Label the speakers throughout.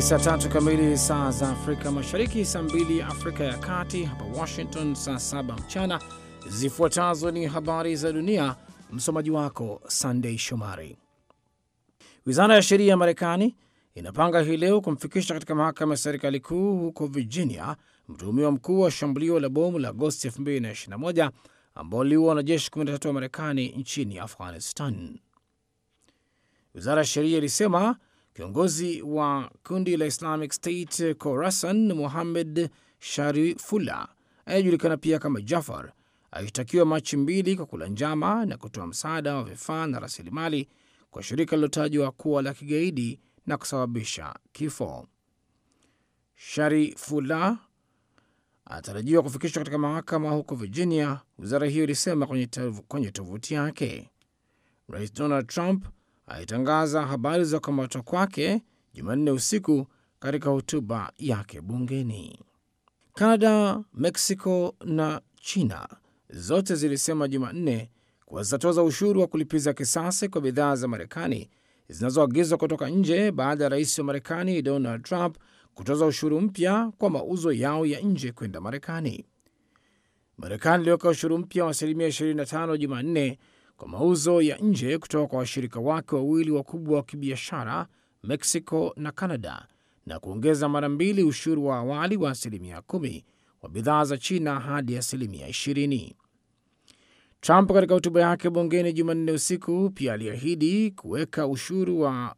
Speaker 1: ni saa tatu kamili saa za Afrika Mashariki, saa mbili Afrika ya Kati, hapa Washington saa saba mchana. Zifuatazo ni habari za dunia, msomaji wako Sandei Shomari. Wizara ya Sheria ya Marekani inapanga hii leo kumfikisha katika mahakama ya serikali kuu huko Virginia mtuhumiwa mkuu wa shambulio la bomu la Agosti 2021 ambao liua wanajeshi 13 wa Marekani nchini Afghanistan. Wizara ya Sheria ilisema Kiongozi wa kundi la Islamic State Khorasan, muhamed Sharifullah anayejulikana pia kama Jafar, alishtakiwa Machi mbili kwa kula njama na kutoa msaada wa vifaa na rasilimali kwa shirika lilotajwa kuwa la kigaidi na kusababisha kifo. Sharifullah anatarajiwa kufikishwa katika mahakama huko Virginia, wizara hiyo ilisema kwenye tovuti yake. Rais Donald Trump alitangaza habari za kukamatwa kwake Jumanne usiku katika hotuba yake bungeni. Kanada, Mexico na China zote zilisema Jumanne kuwa zitatoza ushuru wa kulipiza kisasi kwa bidhaa za Marekani zinazoagizwa kutoka nje baada ya rais wa Marekani Donald Trump kutoza ushuru mpya kwa mauzo yao ya nje kwenda Marekani. Marekani iliweka ushuru mpya wa asilimia 25 Jumanne kwa mauzo ya nje kutoka kwa washirika wake wawili wakubwa wa kibiashara, Mexico na canada na kuongeza mara mbili ushuru wa awali wa asilimia kumi wa bidhaa za China hadi asilimia ishirini. Trump katika hotuba yake bungeni Jumanne usiku pia aliahidi kuweka ushuru wa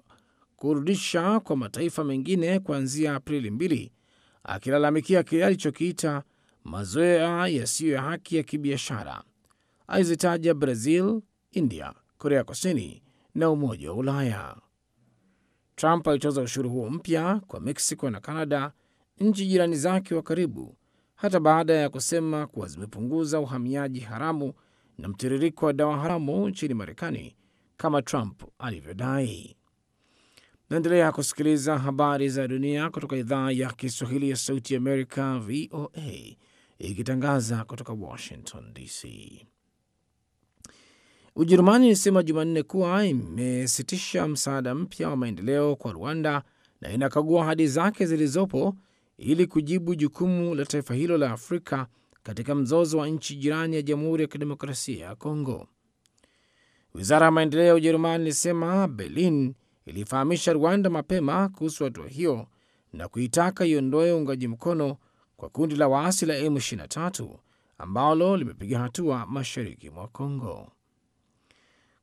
Speaker 1: kurudisha kwa mataifa mengine kuanzia Aprili mbili, akilalamikia kile alichokiita mazoea yasiyo ya haki ya kibiashara. Alizitaja Brazil, India, Korea Kusini na Umoja wa Ulaya. Trump alitoza ushuru huo mpya kwa Mexico na canada nchi jirani zake wa karibu, hata baada ya kusema kuwa zimepunguza uhamiaji haramu na mtiririko wa dawa haramu nchini Marekani kama Trump alivyodai. Naendelea kusikiliza habari za dunia kutoka idhaa ya Kiswahili ya Sauti ya Amerika, VOA, ikitangaza kutoka Washington DC. Ujerumani ilisema Jumanne kuwa imesitisha msaada mpya wa maendeleo kwa Rwanda na inakagua ahadi zake zilizopo ili kujibu jukumu la taifa hilo la Afrika katika mzozo wa nchi jirani ya Jamhuri ya Kidemokrasia ya Kongo. Wizara ya maendeleo ya Ujerumani ilisema Berlin ilifahamisha Rwanda mapema kuhusu hatua hiyo na kuitaka iondoe uungaji mkono kwa kundi la waasi la M23 ambalo limepiga hatua mashariki mwa Kongo.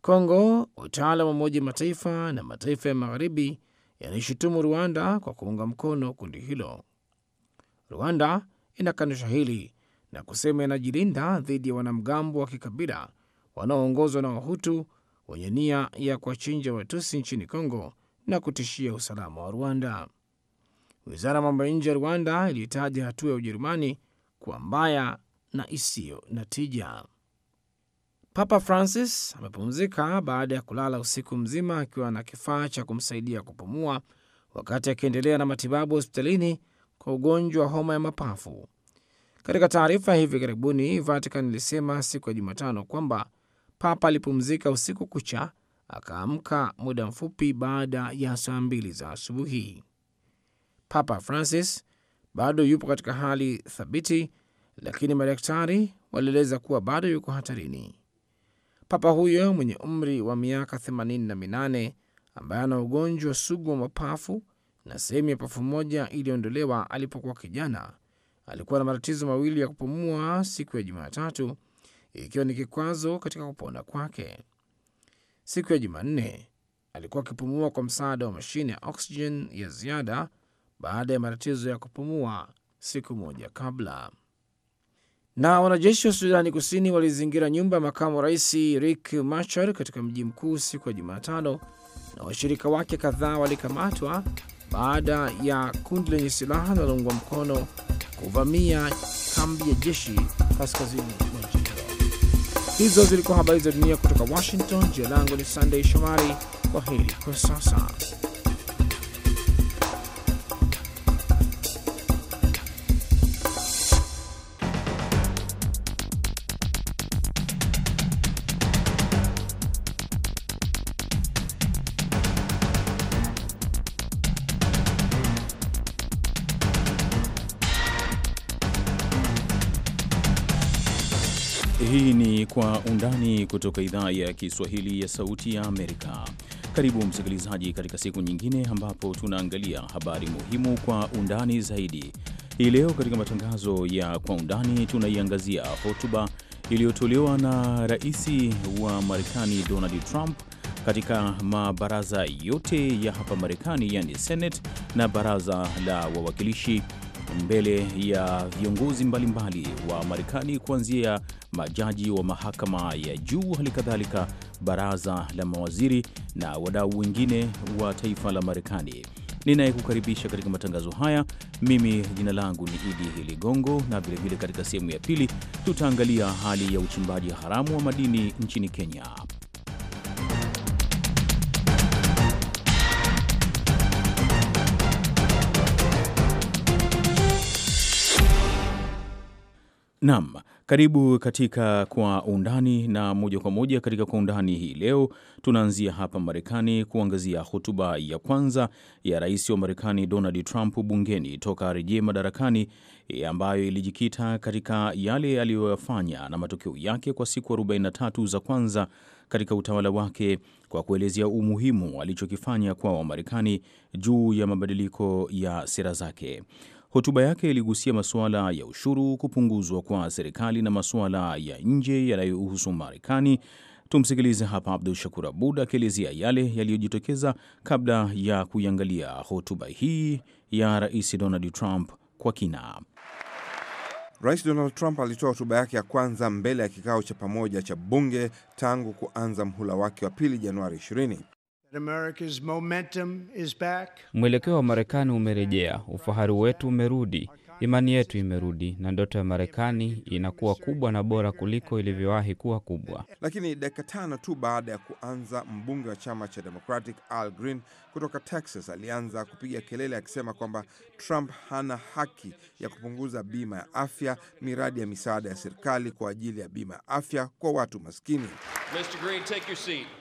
Speaker 1: Kongo, wataalam wa Umoja Mataifa na mataifa ya magharibi yanaishutumu Rwanda kwa kuunga mkono kundi hilo. Rwanda inakanusha hili na kusema inajilinda dhidi ya wanamgambo wa kikabila wanaoongozwa na Wahutu wenye nia ya kuwachinja Watusi nchini Kongo na kutishia usalama wa Rwanda. Wizara ya mambo ya nje ya Rwanda ilitaja hatua ya Ujerumani kuwa mbaya na isiyo na tija. Papa Francis amepumzika baada ya kulala usiku mzima akiwa na kifaa cha kumsaidia kupumua wakati akiendelea na matibabu hospitalini kwa ugonjwa wa homa ya mapafu. Katika taarifa hivi karibuni, Vatican ilisema siku ya Jumatano kwamba Papa alipumzika usiku kucha, akaamka muda mfupi baada ya saa mbili za asubuhi. Papa Francis bado yupo katika hali thabiti, lakini madaktari walieleza kuwa bado yuko hatarini. Papa huyo mwenye umri wa miaka 88 ambaye ana ugonjwa sugu wa mapafu na sehemu ya pafu moja iliyoondolewa alipokuwa kijana, alikuwa na matatizo mawili ya kupumua siku ya Jumatatu, ikiwa ni kikwazo katika kupona kwake. Siku ya Jumanne alikuwa akipumua kwa msaada wa mashine ya oksijeni ya ziada baada ya matatizo ya kupumua siku moja kabla. Na wanajeshi wa Sudani Kusini walizingira nyumba ya makamu wa rais Rik Machar katika mji mkuu siku ya Jumatano, na washirika wake kadhaa walikamatwa baada ya kundi lenye silaha linaloungwa mkono kuvamia kambi ya jeshi kaskazini mwa nchi hiyo. Hizo zilikuwa habari za dunia kutoka Washington. Jina langu ni sandey Shomari. Kwa heri kwa sasa.
Speaker 2: kutoka idhaa ya Kiswahili ya Sauti ya Amerika. Karibu msikilizaji, katika siku nyingine ambapo tunaangalia habari muhimu kwa undani zaidi. Hii leo katika matangazo ya kwa undani tunaiangazia hotuba iliyotolewa na rais wa Marekani Donald Trump katika mabaraza yote ya hapa Marekani, yani Senate na baraza la wawakilishi mbele ya viongozi mbalimbali mbali wa Marekani, kuanzia majaji wa mahakama ya juu, hali kadhalika baraza la mawaziri na wadau wengine wa taifa la Marekani. Ninayekukaribisha katika matangazo haya mimi jina langu ni Idi Ligongo, na vilevile katika sehemu ya pili tutaangalia hali ya uchimbaji haramu wa madini nchini Kenya. Naam, karibu katika Kwa Undani na moja kwa moja katika Kwa Undani hii leo tunaanzia hapa Marekani kuangazia hotuba ya kwanza ya rais wa Marekani Donald Trump bungeni toka arejee madarakani, e, ambayo ilijikita katika yale aliyoyafanya na matokeo yake kwa siku 43 za kwanza katika utawala wake kwa kuelezea umuhimu alichokifanya kwa Wamarekani juu ya mabadiliko ya sera zake. Hotuba yake iligusia masuala ya ushuru, kupunguzwa kwa serikali na masuala ya nje yanayohusu Marekani. Tumsikilize hapa Abdul Shakur Abud akielezea yale yaliyojitokeza kabla ya kuiangalia hotuba hii ya Rais Donald Trump kwa kina.
Speaker 3: Rais Donald Trump alitoa hotuba yake ya kwanza mbele ya kikao cha pamoja cha bunge tangu kuanza mhula wake wa pili Januari 20.
Speaker 2: Mwelekeo wa Marekani umerejea, ufahari wetu umerudi, imani yetu imerudi, na ndoto ya Marekani inakuwa kubwa na bora kuliko ilivyowahi kuwa kubwa.
Speaker 3: Lakini dakika tano tu baada ya kuanza, mbunge wa chama cha Democratic Al Green kutoka Texas alianza kupiga kelele akisema kwamba Trump hana haki ya kupunguza bima ya afya, miradi ya misaada ya serikali kwa ajili ya bima ya afya kwa watu maskini. Mr. Green, take your seat.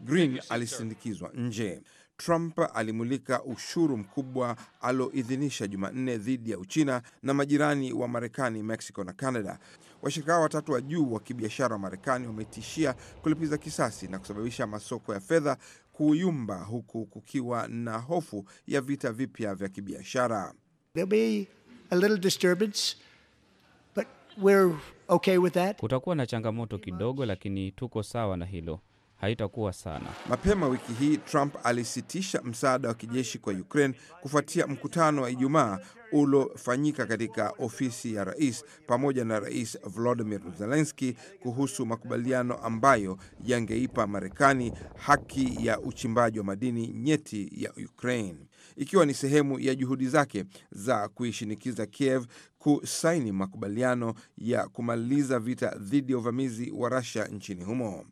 Speaker 3: Green alisindikizwa nje. Trump alimulika ushuru mkubwa alioidhinisha Jumanne dhidi ya Uchina na majirani wa Marekani, Mexico na Canada. Washirika hao watatu wa juu wa kibiashara wa Marekani wametishia kulipiza kisasi na kusababisha masoko ya fedha kuyumba, huku kukiwa na hofu ya vita vipya vya kibiashara. Okay,
Speaker 2: kutakuwa na changamoto kidogo, lakini tuko sawa na hilo haitakuwa sana.
Speaker 3: Mapema wiki hii Trump alisitisha msaada wa kijeshi kwa Ukraine kufuatia mkutano wa Ijumaa uliofanyika katika ofisi ya rais pamoja na Rais Volodymyr Zelensky kuhusu makubaliano ambayo yangeipa Marekani haki ya uchimbaji wa madini nyeti ya Ukraine, ikiwa ni sehemu ya juhudi zake za kuishinikiza Kiev kusaini makubaliano ya kumaliza vita dhidi ya uvamizi wa Russia nchini humo.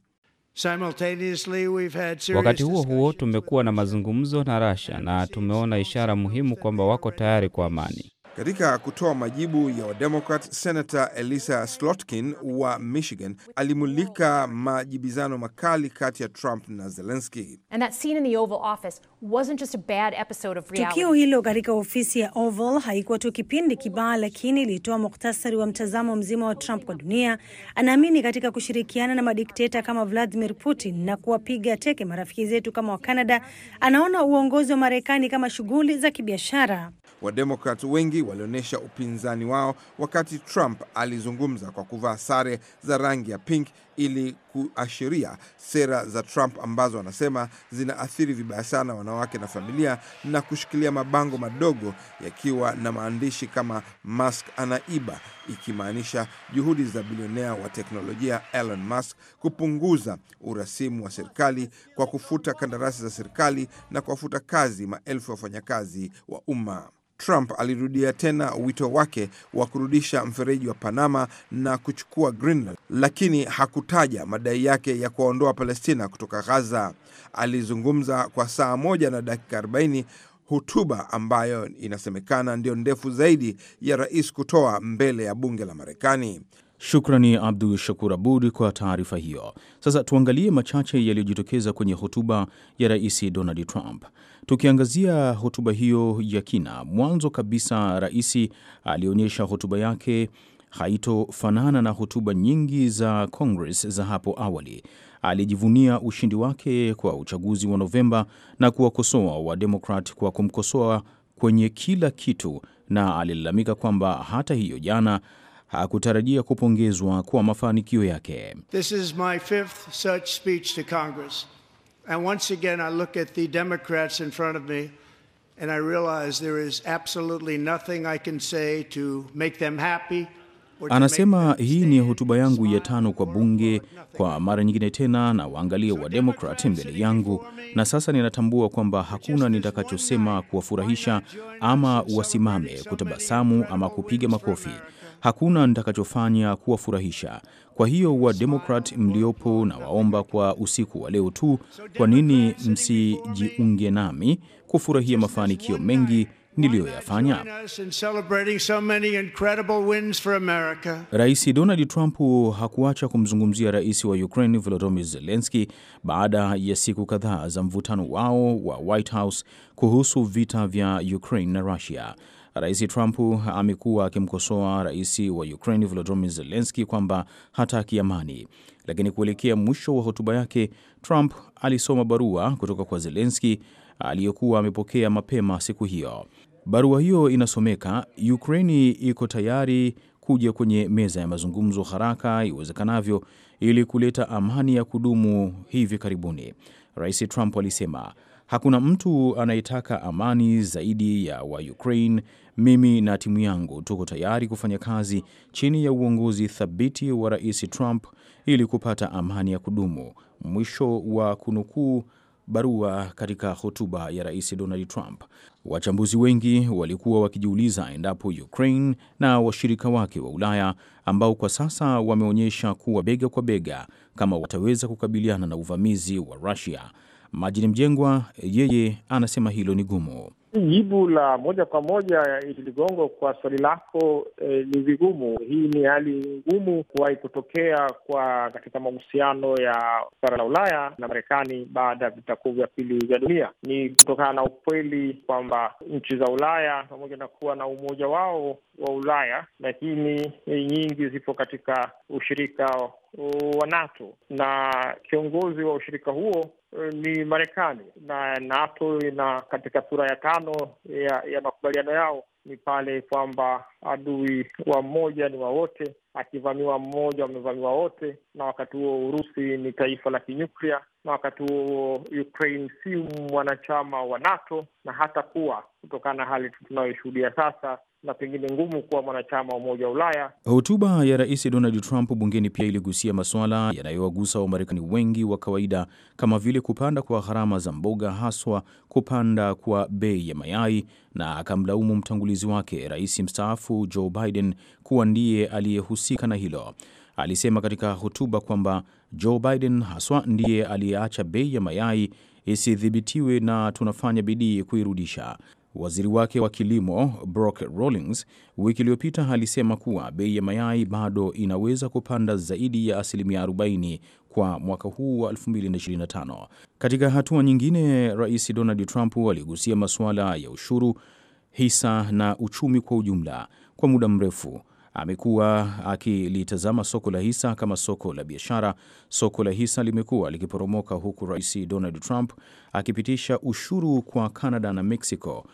Speaker 3: Wakati huo
Speaker 2: huo, tumekuwa na mazungumzo na Russia na tumeona ishara muhimu kwamba wako tayari kwa
Speaker 4: amani.
Speaker 3: Katika kutoa majibu ya Wademokrat, Senator Elisa Slotkin wa Michigan alimulika majibizano makali kati ya Trump na Zelenski.
Speaker 2: Tukio
Speaker 5: hilo katika ofisi ya Oval haikuwa tu kipindi kibaya, lakini ilitoa muktasari wa mtazamo mzima wa Trump kwa dunia. Anaamini katika kushirikiana na madikteta kama Vladimir Putin na kuwapiga teke marafiki zetu kama Wakanada. Anaona uongozi wa Marekani kama shughuli za kibiashara.
Speaker 3: Wademokrat wengi walionyesha upinzani wao wakati Trump alizungumza kwa kuvaa sare za rangi ya pink ili kuashiria sera za Trump ambazo wanasema zinaathiri vibaya sana wanawake na familia, na kushikilia mabango madogo yakiwa na maandishi kama Musk anaiba, ikimaanisha juhudi za bilionea wa teknolojia Elon Musk kupunguza urasimu wa serikali kwa kufuta kandarasi za serikali na kuwafuta kazi maelfu ya wafanyakazi wa umma. Trump alirudia tena wito wake wa kurudisha mfereji wa Panama na kuchukua Greenland, lakini hakutaja madai yake ya kuwaondoa Palestina kutoka Gaza. Alizungumza kwa saa moja na dakika 40 hotuba ambayo inasemekana ndio ndefu zaidi ya rais kutoa mbele ya bunge la Marekani.
Speaker 2: Shukrani Abdu Shakur Abud kwa taarifa hiyo. Sasa tuangalie machache yaliyojitokeza kwenye hotuba ya Rais Donald Trump. Tukiangazia hotuba hiyo ya kina, mwanzo kabisa, rais alionyesha hotuba yake haitofanana na hotuba nyingi za Congress za hapo awali. Alijivunia ushindi wake kwa uchaguzi wa Novemba na kuwakosoa Wademokrat kwa kumkosoa kwenye kila kitu, na alilalamika kwamba hata hiyo jana hakutarajia kupongezwa kwa mafanikio yake.
Speaker 6: This is my fifth such speech to Congress. And once again, I look at the Democrats in front of me and I realize there is absolutely nothing I can say to make them happy. Anasema
Speaker 2: hii ni hotuba yangu ya tano kwa bunge kwa mara nyingine tena, na waangalie wa Demokrat mbele yangu, na sasa ninatambua kwamba hakuna nitakachosema kuwafurahisha ama wasimame kutabasamu ama kupiga makofi hakuna nitakachofanya kuwafurahisha. Kwa hiyo wa Demokrat mliopo, na waomba kwa usiku wa leo tu, kwa nini msijiunge nami kufurahia mafanikio mengi niliyoyafanya. Rais Donald Trump hakuacha kumzungumzia rais wa Ukraine Volodymyr Zelensky baada ya siku kadhaa za mvutano wao wa White House kuhusu vita vya Ukraine na Russia. Rais Trump amekuwa akimkosoa rais wa Ukraine Volodymyr Zelensky kwamba hataki amani, lakini kuelekea mwisho wa hotuba yake, Trump alisoma barua kutoka kwa Zelensky aliyokuwa amepokea mapema siku hiyo. Barua hiyo inasomeka: Ukraini iko tayari kuja kwenye meza ya mazungumzo haraka iwezekanavyo ili kuleta amani ya kudumu hivi karibuni. Rais Trump alisema hakuna mtu anayetaka amani zaidi ya wa Ukraine mimi na timu yangu tuko tayari kufanya kazi chini ya uongozi thabiti wa Rais Trump ili kupata amani ya kudumu, mwisho wa kunukuu barua katika hotuba ya Rais Donald Trump. Wachambuzi wengi walikuwa wakijiuliza endapo Ukraine na washirika wake wa Ulaya ambao kwa sasa wameonyesha kuwa bega kwa bega, kama wataweza kukabiliana na uvamizi wa Russia. Majini Mjengwa yeye anasema hilo ni gumu.
Speaker 7: Jibu la moja kwa moja Idi Ligongo, kwa swali lako eh, ni vigumu. Hii ni hali ngumu kuwahi kutokea kwa katika mahusiano ya bara la Ulaya na Marekani baada ya vita kuu vya pili vya dunia. Ni kutokana na ukweli kwamba nchi za Ulaya pamoja na kuwa na umoja wao wa Ulaya, lakini nyingi zipo katika ushirika wa NATO na kiongozi wa ushirika huo eh, ni Marekani na NATO ina katika sura ya tano ya, ya makubaliano yao ni pale kwamba adui wa mmoja ni wa wote, akivamiwa mmoja wamevamiwa wote, na wakati huo Urusi ni taifa la kinyuklia, na wakati huo Ukraine si mwanachama wa NATO na hata kuwa kutokana na hali tunayoshuhudia sasa na pengine ngumu kuwa mwanachama wa Umoja wa Ulaya.
Speaker 2: Hotuba ya Rais Donald Trump bungeni pia iligusia masuala yanayowagusa Wamarekani wengi wa kawaida kama vile kupanda kwa gharama za mboga, haswa kupanda kwa bei ya mayai, na akamlaumu mtangulizi wake Rais mstaafu Joe Biden kuwa ndiye aliyehusika na hilo alisema katika hotuba kwamba Joe Biden haswa ndiye aliyeacha bei ya mayai isidhibitiwe na tunafanya bidii kuirudisha. Waziri wake wa kilimo Brock Rawlings wiki iliyopita alisema kuwa bei ya mayai bado inaweza kupanda zaidi ya asilimia 40 kwa mwaka huu wa 2025. Katika hatua nyingine, Rais Donald Trump aligusia masuala ya ushuru, hisa na uchumi kwa ujumla. Kwa muda mrefu amekuwa akilitazama soko la hisa kama soko la biashara. Soko la hisa limekuwa likiporomoka huku Rais Donald Trump akipitisha ushuru kwa Canada na Mexico,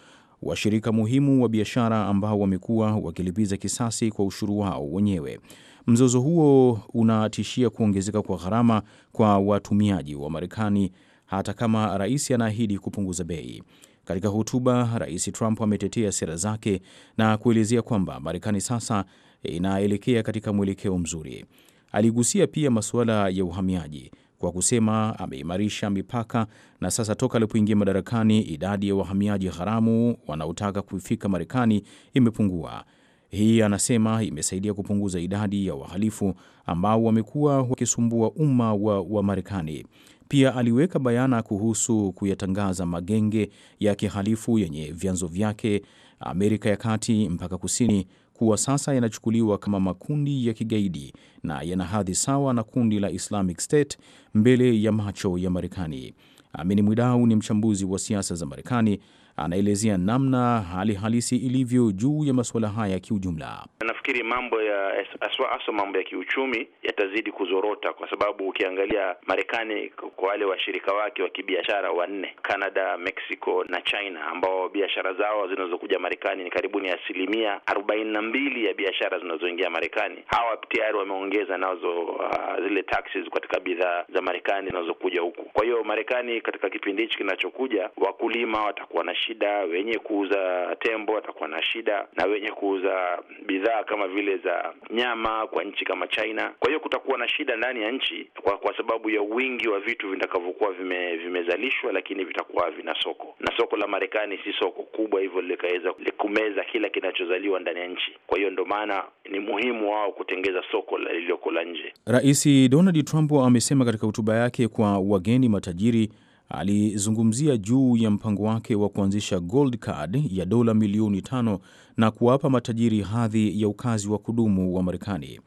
Speaker 2: washirika muhimu wa biashara ambao wamekuwa wakilipiza kisasi kwa ushuru wao wenyewe. Mzozo huo unatishia kuongezeka kwa gharama kwa watumiaji wa Marekani hata kama rais anaahidi kupunguza bei. Katika hotuba, Rais Trump ametetea sera zake na kuelezea kwamba Marekani sasa inaelekea katika mwelekeo mzuri. Aligusia pia masuala ya uhamiaji kwa kusema ameimarisha mipaka na sasa toka alipoingia madarakani idadi ya wahamiaji haramu wanaotaka kufika Marekani imepungua. Hii anasema imesaidia kupunguza idadi ya wahalifu ambao wamekuwa wakisumbua umma wa, wa Marekani. Pia aliweka bayana kuhusu kuyatangaza magenge ya kihalifu yenye vyanzo vyake Amerika ya Kati mpaka Kusini kuwa sasa yanachukuliwa kama makundi ya kigaidi na yana hadhi sawa na kundi la Islamic State mbele ya macho ya Marekani. Amini Mwidau ni mchambuzi wa siasa za Marekani anaelezea namna hali halisi ilivyo juu ya masuala haya kiujumla.
Speaker 8: Nafikiri mambo ya aswa aswa, mambo ya kiuchumi yatazidi kuzorota, kwa sababu ukiangalia Marekani kwa wale washirika wake wa kibiashara wanne, Canada, Mexico na China, ambao biashara zao zinazokuja Marekani ni karibu ni asilimia arobaini na mbili ya biashara zinazoingia Marekani. Hawa tayari wameongeza nazo uh, zile taxes katika bidhaa za Marekani zinazokuja huku. Kwa hiyo Marekani katika kipindi hichi kinachokuja, wakulima watakuwa na shida, wenye kuuza tembo watakuwa na shida, na wenye kuuza bidhaa kama vile za nyama kwa nchi kama China. Kwa hiyo kutakuwa na shida ndani ya nchi kwa, kwa sababu ya wingi wa vitu vitakavyokuwa vime, vimezalishwa lakini vitakuwa vina soko, na soko la Marekani si soko kubwa hivyo likaweza kumeza kila kinachozaliwa ndani ya nchi. Kwa hiyo ndo maana ni muhimu wao kutengeza soko lililoko la nje.
Speaker 2: Rais Donald Trump amesema katika hotuba yake kwa wageni matajiri alizungumzia juu ya mpango wake wa kuanzisha Gold Card ya dola milioni tano na kuwapa matajiri hadhi ya ukazi wa kudumu wa Marekani.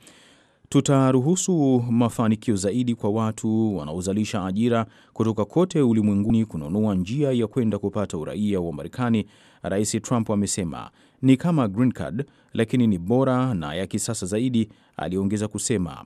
Speaker 2: Tutaruhusu mafanikio zaidi kwa watu wanaozalisha ajira kutoka kote ulimwenguni kununua njia ya kwenda kupata uraia wa Marekani, Rais Trump amesema. Ni kama green card, lakini ni bora na ya kisasa zaidi, aliongeza kusema.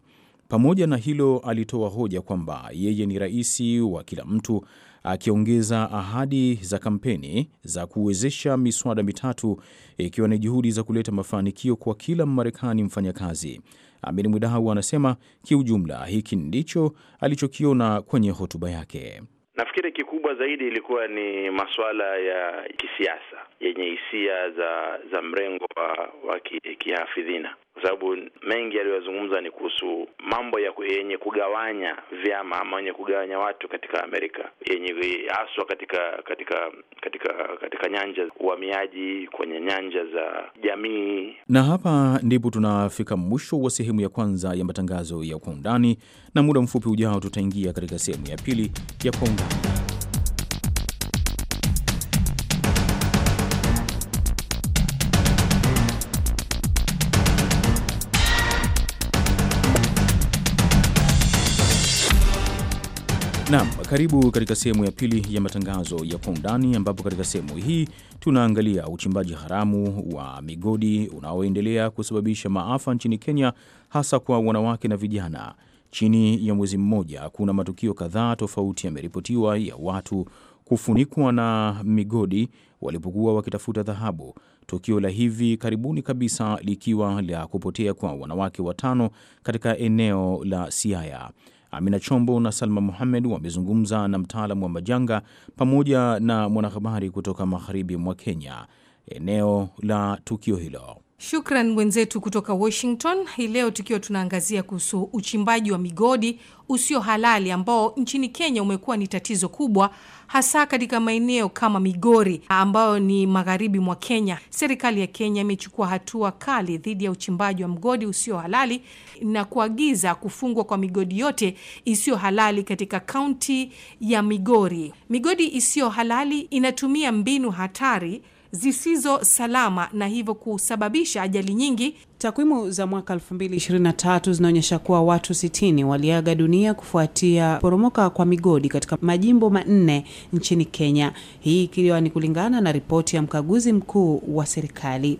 Speaker 2: Pamoja na hilo, alitoa hoja kwamba yeye ni rais wa kila mtu, akiongeza ahadi za kampeni za kuwezesha miswada mitatu, ikiwa ni juhudi za kuleta mafanikio kwa kila Mmarekani mfanyakazi. Amin Mwidau anasema kiujumla, hiki ndicho alichokiona kwenye hotuba yake.
Speaker 8: Nafikiri kikubwa zaidi ilikuwa ni masuala ya kisiasa yenye hisia za za mrengo wa, wa kihafidhina ki kwa sababu mengi yaliyozungumza ni kuhusu mambo ya yenye kugawanya vyama ama yenye kugawanya watu katika Amerika, yenye haswa katika katika katika katika nyanja uhamiaji, kwenye nyanja za jamii.
Speaker 2: Na hapa ndipo tunafika mwisho wa sehemu ya kwanza ya matangazo ya kwa undani, na muda mfupi ujao tutaingia katika sehemu ya pili ya kwa undani. Naam, karibu katika sehemu ya pili ya matangazo ya kwa undani, ambapo katika sehemu hii tunaangalia uchimbaji haramu wa migodi unaoendelea kusababisha maafa nchini Kenya, hasa kwa wanawake na vijana. Chini ya mwezi mmoja, kuna matukio kadhaa tofauti yameripotiwa ya watu kufunikwa na migodi walipokuwa wakitafuta dhahabu, tukio la hivi karibuni kabisa likiwa la kupotea kwa wanawake watano katika eneo la Siaya. Amina Chombo na Salma Muhamed wamezungumza na mtaalamu wa majanga pamoja na mwanahabari kutoka magharibi mwa Kenya, eneo la tukio
Speaker 5: hilo. Shukran mwenzetu kutoka Washington. Hii leo tukiwa tunaangazia kuhusu uchimbaji wa migodi usio halali ambao nchini Kenya umekuwa ni tatizo kubwa, hasa katika maeneo kama Migori ambayo ni magharibi mwa Kenya. Serikali ya Kenya imechukua hatua kali dhidi ya uchimbaji wa mgodi usio halali na kuagiza kufungwa kwa migodi yote isiyo halali katika kaunti ya Migori. Migodi isiyo halali inatumia mbinu hatari zisizo salama na hivyo
Speaker 9: kusababisha ajali nyingi. Takwimu za mwaka 2023 zinaonyesha kuwa watu 60 waliaga dunia kufuatia poromoka kwa migodi katika majimbo manne nchini Kenya, hii ikiwa ni kulingana na ripoti ya mkaguzi mkuu wa serikali.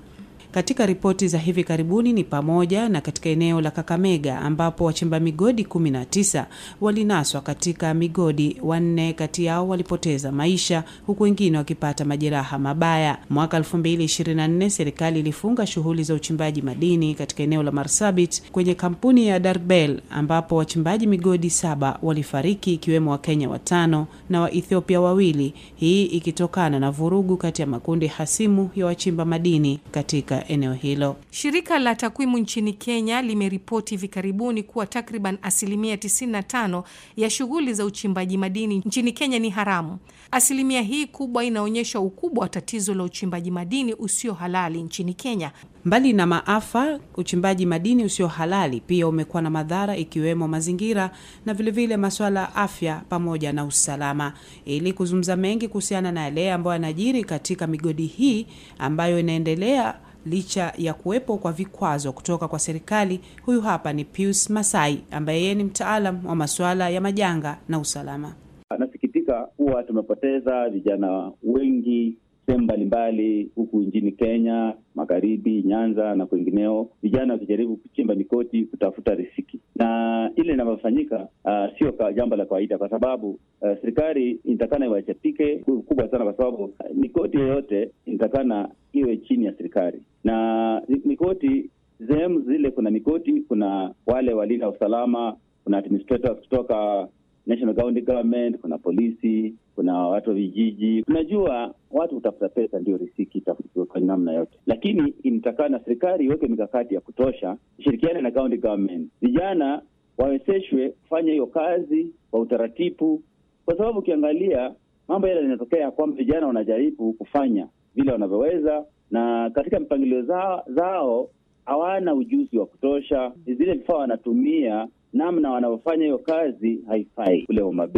Speaker 9: Katika ripoti za hivi karibuni ni pamoja na katika eneo la Kakamega ambapo wachimba migodi 19 walinaswa katika migodi, wanne kati yao walipoteza maisha huku wengine wakipata majeraha mabaya. Mwaka 2024 serikali ilifunga shughuli za uchimbaji madini katika eneo la Marsabit kwenye kampuni ya Darbel ambapo wachimbaji migodi saba walifariki ikiwemo Wakenya watano na Waethiopia wawili, hii ikitokana na vurugu kati ya makundi hasimu ya wachimba madini katika eneo hilo.
Speaker 5: Shirika la takwimu nchini Kenya limeripoti hivi karibuni kuwa takriban asilimia 95 ya shughuli za uchimbaji madini nchini Kenya ni haramu.
Speaker 9: Asilimia hii kubwa inaonyesha ukubwa wa tatizo la uchimbaji madini usio halali nchini Kenya. Mbali na maafa, uchimbaji madini usio halali pia umekuwa na madhara ikiwemo mazingira na vilevile masuala ya afya pamoja na usalama. Ili kuzungumza mengi kuhusiana na yale ambayo yanajiri katika migodi hii ambayo inaendelea licha ya kuwepo kwa vikwazo kutoka kwa serikali. Huyu hapa ni Pius Masai ambaye yeye ni mtaalam wa masuala ya majanga na usalama.
Speaker 4: Nasikitika kuwa tumepoteza vijana wengi sehemu mbalimbali huku nchini Kenya, magharibi, Nyanza na kwengineo, vijana wakijaribu kuchimba mikoti kutafuta riziki, na ile inavyofanyika uh, sio jambo la kawaida, kwa sababu uh, serikali inatakana iwachapike kubwa sana, kwa sababu uh, mikoti yoyote inatakana iwe chini ya serikali na mikoti sehemu zile kuna mikoti, kuna wale walinda usalama, kuna administrators kutoka National County Government, kuna polisi, kuna watu wa vijiji. Unajua watu hutafuta pesa ndio risiki kwa namna yote, lakini inatakana na serikali iweke mikakati ya kutosha, ishirikiane na county government, vijana wawezeshwe kufanya hiyo kazi kwa utaratibu, kwa sababu ukiangalia mambo yale yanatokea kwamba vijana wanajaribu kufanya vile wanavyoweza, na katika mpangilio zao, zao hawana ujuzi wa kutosha. Zile vifaa wanatumia namna wanaofanya hiyo kazi haifai kule Homa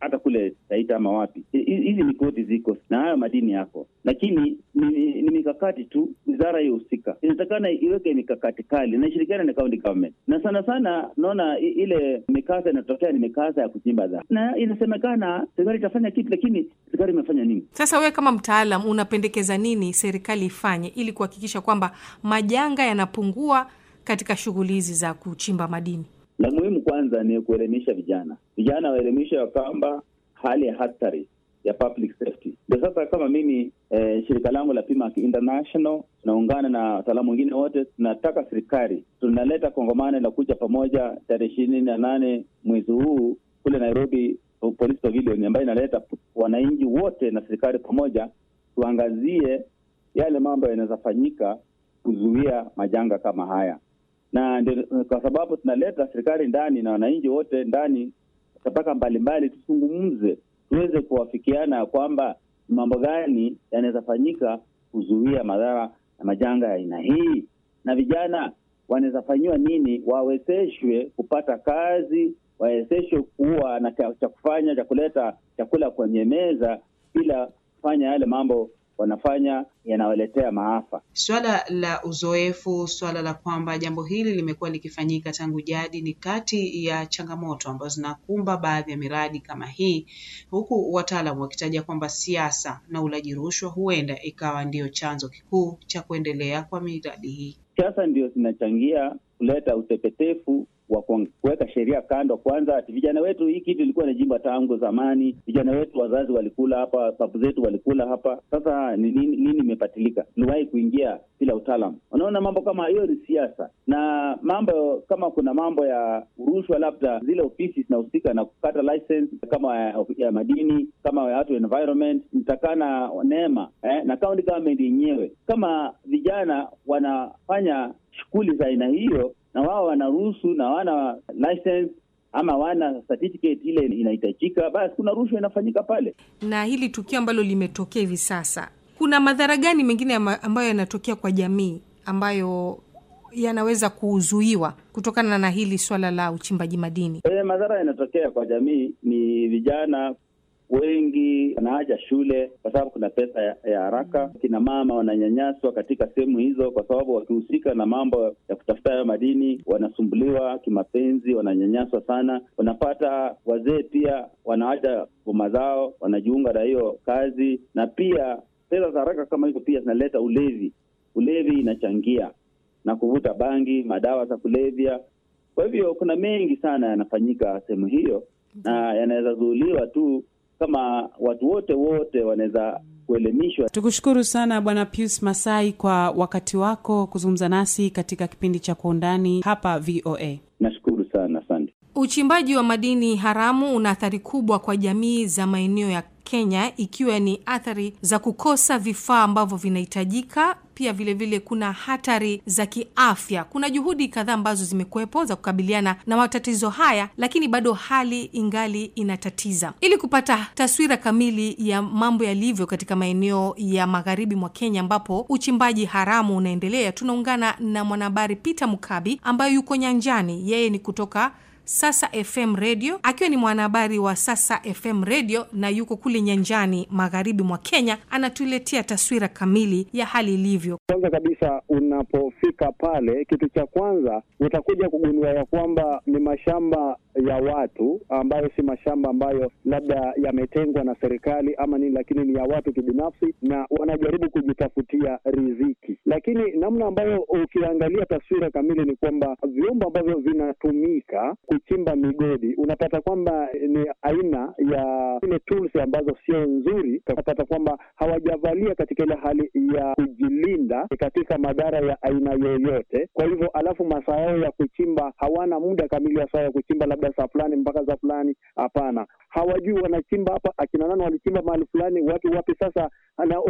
Speaker 4: hata kule Taita ama wapi. Hizi migodi ziko na hayo madini yako, lakini ni, ni mikakati tu. Wizara hiyo husika inatakana iweke mikakati kali na ishirikiane na county government, na sana sana naona ile
Speaker 5: mikasa inatokea ni mikasa ya kuchimba dhahabu, na inasemekana serikali itafanya kitu, lakini serikali imefanya nini? Sasa wewe kama mtaalam unapendekeza nini serikali ifanye ili kuhakikisha kwamba majanga yanapungua katika shughuli hizi za kuchimba madini?
Speaker 4: La muhimu kwanza ni kuelimisha vijana, vijana waelimisha ya kwamba hali ya hatari ya public safety. Ndio sasa kama mimi eh, shirika langu la Pima International tunaungana na wataalamu wengine wote, tunataka serikali, tunaleta kongamano la kuja pamoja tarehe ishirini na nane mwezi huu kule Nairobi uh, Police Pavilion, ambayo inaleta wananchi wote na serikali pamoja, tuangazie yale mambo yanaweza fanyika kuzuia majanga kama haya na kwa sababu tunaleta serikali ndani na wananchi wote ndani, tabaka mbalimbali, tuzungumze, tuweze kuwafikiana kwamba mambo gani yanaweza fanyika kuzuia madhara na majanga ya aina hii, na vijana wanaweza fanyiwa nini, wawezeshwe kupata kazi, wawezeshwe kuwa na cha kufanya cha kuleta chakula kwenye meza bila kufanya yale mambo wanafanya yanawaletea maafa.
Speaker 9: Swala la uzoefu, swala la kwamba jambo hili limekuwa likifanyika tangu jadi ni kati ya changamoto ambazo zinakumba baadhi ya miradi kama hii, huku wataalamu wakitaja kwamba siasa na ulaji rushwa huenda ikawa ndiyo chanzo kikuu cha kuendelea kwa miradi hii.
Speaker 4: Siasa ndio zinachangia kuleta utepetefu wa kuweka sheria kando kwanza. Ati vijana wetu, hii kitu ilikuwa jimba tangu zamani, vijana wetu, wazazi walikula hapa, babu zetu walikula hapa. Sasa nini imepatilika? Niliwahi kuingia bila utaalam. Unaona mambo kama hiyo ni siasa, na mambo kama kuna mambo ya rushwa, labda zile ofisi zinahusika na kukata license kama ya, ya madini kama ya watu environment, nitakana neema eh, na county government yenyewe, kama vijana wanafanya shughuli za aina hiyo na wao wanaruhusu na wana license ama wana certificate ile inahitajika, basi kuna rushwa inafanyika pale.
Speaker 5: Na hili tukio ambalo limetokea hivi sasa, kuna madhara gani mengine ambayo yanatokea kwa jamii ambayo yanaweza kuzuiwa kutokana na hili swala la uchimbaji madini?
Speaker 4: E, madhara yanatokea kwa jamii ni vijana wengi wanaacha shule kwa sababu kuna pesa ya, haraka. Mm. Kina mama wananyanyaswa katika sehemu hizo, kwa sababu wakihusika na mambo ya kutafuta hayo madini wanasumbuliwa kimapenzi, wananyanyaswa sana. Unapata wazee pia wanaacha boma zao, wanajiunga na hiyo kazi, na pia pesa za haraka kama hizo pia zinaleta ulevi. Ulevi inachangia na kuvuta bangi, madawa za kulevya. Kwa hivyo kuna mengi sana yanafanyika sehemu hiyo, na mm. yanaweza zuuliwa tu kama watu wote wote wanaweza kuelimishwa.
Speaker 9: Tukushukuru sana Bwana Pius Masai kwa wakati wako kuzungumza nasi katika kipindi cha Kwa Undani hapa VOA. Nashukuru sana, asante.
Speaker 5: Uchimbaji wa madini haramu una athari kubwa kwa jamii za maeneo ya Kenya, ikiwa ni athari za kukosa vifaa ambavyo vinahitajika. Pia vilevile vile kuna hatari za kiafya. Kuna juhudi kadhaa ambazo zimekuwepo za kukabiliana na matatizo haya, lakini bado hali ingali inatatiza. Ili kupata taswira kamili ya mambo yalivyo katika maeneo ya magharibi mwa Kenya ambapo uchimbaji haramu unaendelea, tunaungana na mwanahabari Peter Mukabi ambaye yuko nyanjani. Yeye ni kutoka sasa FM Radio, akiwa ni mwanahabari wa Sasa FM Radio na yuko kule nyanjani magharibi mwa Kenya, anatuletea taswira kamili ya hali ilivyo.
Speaker 6: Kwanza kabisa, unapofika pale, kitu cha kwanza utakuja kugundua ya kwamba ni mashamba ya watu ambayo si mashamba ambayo labda yametengwa na serikali ama nini, lakini ni ya watu kibinafsi na wanajaribu kujitafutia riziki. Lakini namna ambayo ukiangalia taswira kamili ni kwamba vyombo ambavyo vinatumika kuchimba migodi, unapata kwamba ni aina ya zile tools ambazo sio nzuri. Unapata kwamba hawajavalia katika ile hali ya kujilinda katika madhara ya aina yoyote. Kwa hivyo, alafu masaa yao ya kuchimba hawana muda kamili wa saa ya kuchimba, labda saa fulani mpaka saa fulani. Hapana, hawajui wanachimba hapa, akina nani walichimba mahali fulani, watu wapi. Sasa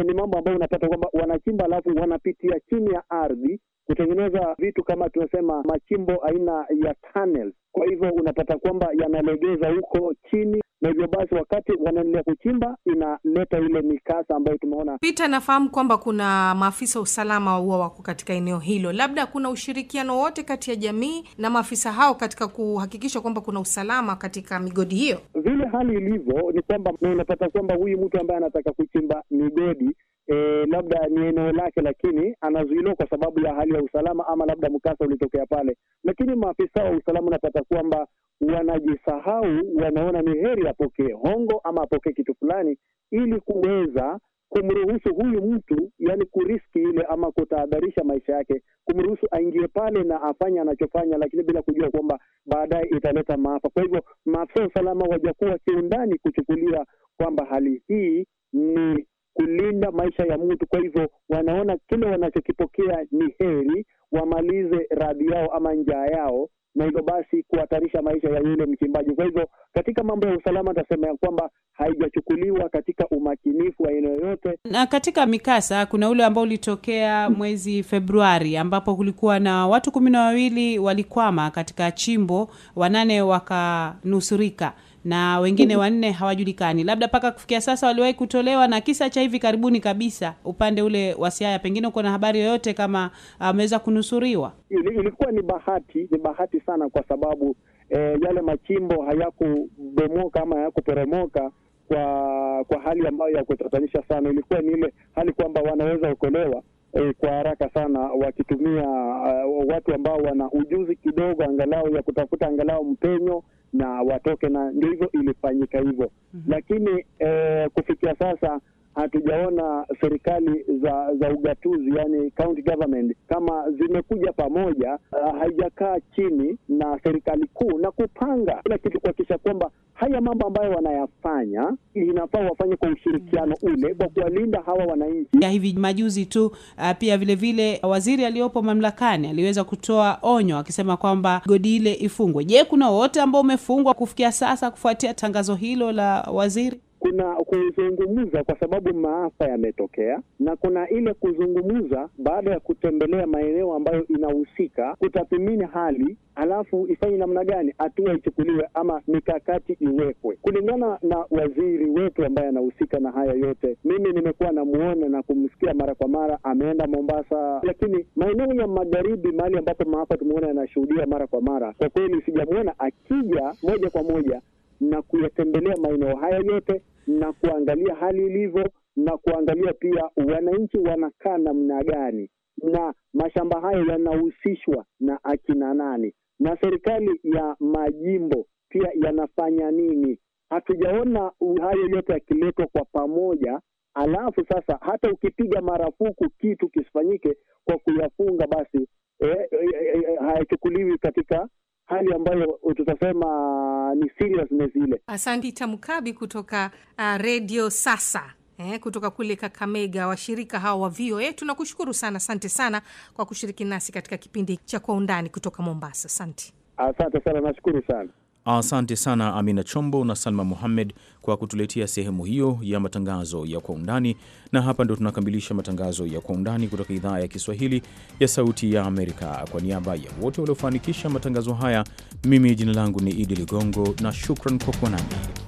Speaker 6: ni mambo ambayo unapata kwamba wanachimba, alafu wanapitia chini ya ardhi kutengeneza vitu kama tunasema machimbo aina ya tunnel. Kwa hivyo unapata kwamba yanalegeza huko chini, na hivyo basi wakati wanaendelea kuchimba inaleta ile mikasa ambayo tumeona
Speaker 5: pita. Nafahamu kwamba kuna maafisa usalama huwa wako katika eneo hilo, labda kuna ushirikiano wote kati ya jamii na maafisa hao katika kuhakikisha kwamba kuna usalama katika migodi hiyo.
Speaker 6: Vile hali ilivyo ni kwamba, unapata kwamba huyu mtu ambaye anataka kuchimba migodi e, labda ni eneo lake, lakini anazuiliwa kwa sababu ya hali ya usalama, ama labda mkasa ulitokea pale. Lakini maafisa wa usalama unapata kwamba wanajisahau, wanaona ni heri apokee hongo ama apokee kitu fulani ili kuweza kumruhusu huyu mtu yani, kuriski ile ama kutahadharisha maisha yake, kumruhusu aingie pale na afanye anachofanya, lakini bila kujua kwamba baadaye italeta maafa. Kwa hivyo maafisa wa usalama wajakuwa kiundani kuchukulia kwamba hali hii ni kulinda maisha ya mtu. Kwa hivyo wanaona kile wanachokipokea ni heri, wamalize radhi yao ama njaa yao, na hivyo basi kuhatarisha maisha ya yule mchimbaji. Kwa hivyo katika mambo ya usalama, tasema ya kwamba haijachukuliwa katika umakinifu wa eneo yote.
Speaker 9: Na katika mikasa kuna ule ambao ulitokea mwezi Februari ambapo kulikuwa na watu kumi na wawili walikwama katika chimbo, wanane wakanusurika na wengine mhm. wanne hawajulikani, labda mpaka kufikia sasa waliwahi kutolewa. Na kisa cha hivi karibuni kabisa upande ule wa Siaya, pengine uko na habari yoyote kama ameweza ah, kunusuriwa?
Speaker 6: Ilikuwa ni bahati, ni bahati sana kwa sababu e, yale machimbo hayakubomoka ama hayakuporomoka kwa kwa hali ambayo ya kutatanisha sana. Ilikuwa ni ile hali kwamba wanaweza okolewa e, kwa haraka sana wakitumia uh, watu ambao wana ujuzi kidogo angalau ya kutafuta angalau mpenyo na watoke, na ndio hivyo ilifanyika hivyo. mm -hmm. Lakini eh, kufikia sasa hatujaona serikali za za ugatuzi yani county government kama zimekuja pamoja, uh, haijakaa chini na serikali kuu na kupanga kila kitu kuhakikisha kwamba haya mambo ambayo wanayafanya inafaa wafanye kwa ushirikiano
Speaker 9: ule kwa kuwalinda hawa wananchi. Ya hivi majuzi tu uh, pia vile vile waziri aliyopo mamlakani aliweza kutoa onyo akisema kwamba godi ile ifungwe. Je, kuna wote ambao umefungwa kufikia sasa kufuatia tangazo hilo la waziri?
Speaker 6: kuna kuzungumza kwa sababu maafa yametokea, na kuna ile kuzungumza baada ya kutembelea maeneo ambayo inahusika kutathmini hali, alafu ifanye namna gani, hatua ichukuliwe ama mikakati iwekwe kulingana na waziri wetu ambaye anahusika na haya yote. Mimi nimekuwa namuona na kumsikia mara kwa mara, ameenda Mombasa, lakini maeneo ya magharibi, mahali ambapo maafa tumeona yanashuhudia mara kwa mara, kwa kweli sijamuona akija moja kwa moja na kuyatembelea maeneo haya yote na kuangalia hali ilivyo na kuangalia pia wananchi wanakaa namna gani na mashamba hayo yanahusishwa na akina nani, na serikali ya majimbo pia yanafanya nini. Hatujaona hayo yote yakiletwa kwa pamoja, alafu sasa hata ukipiga marafuku kitu kisifanyike kwa kuyafunga, basi eh, eh, eh, eh hayachukuliwi katika hali ambayo tutasema ni seriousness ile.
Speaker 5: Asanti Tamukabi kutoka uh, Radio Sasa eh, kutoka kule Kakamega, washirika hawa wa VOA tunakushukuru sana. Asante sana kwa kushiriki nasi katika kipindi cha Kwa Undani kutoka Mombasa. Asante,
Speaker 6: asante sana, nashukuru sana.
Speaker 2: Asante sana Amina Chombo na Salma Muhammed kwa kutuletea sehemu hiyo ya matangazo ya kwa undani, na hapa ndo tunakamilisha matangazo ya kwa undani kutoka idhaa ya Kiswahili ya Sauti ya Amerika. Kwa niaba ya wote waliofanikisha matangazo haya, mimi jina langu ni Idi Ligongo na shukran kwa kuwa nami.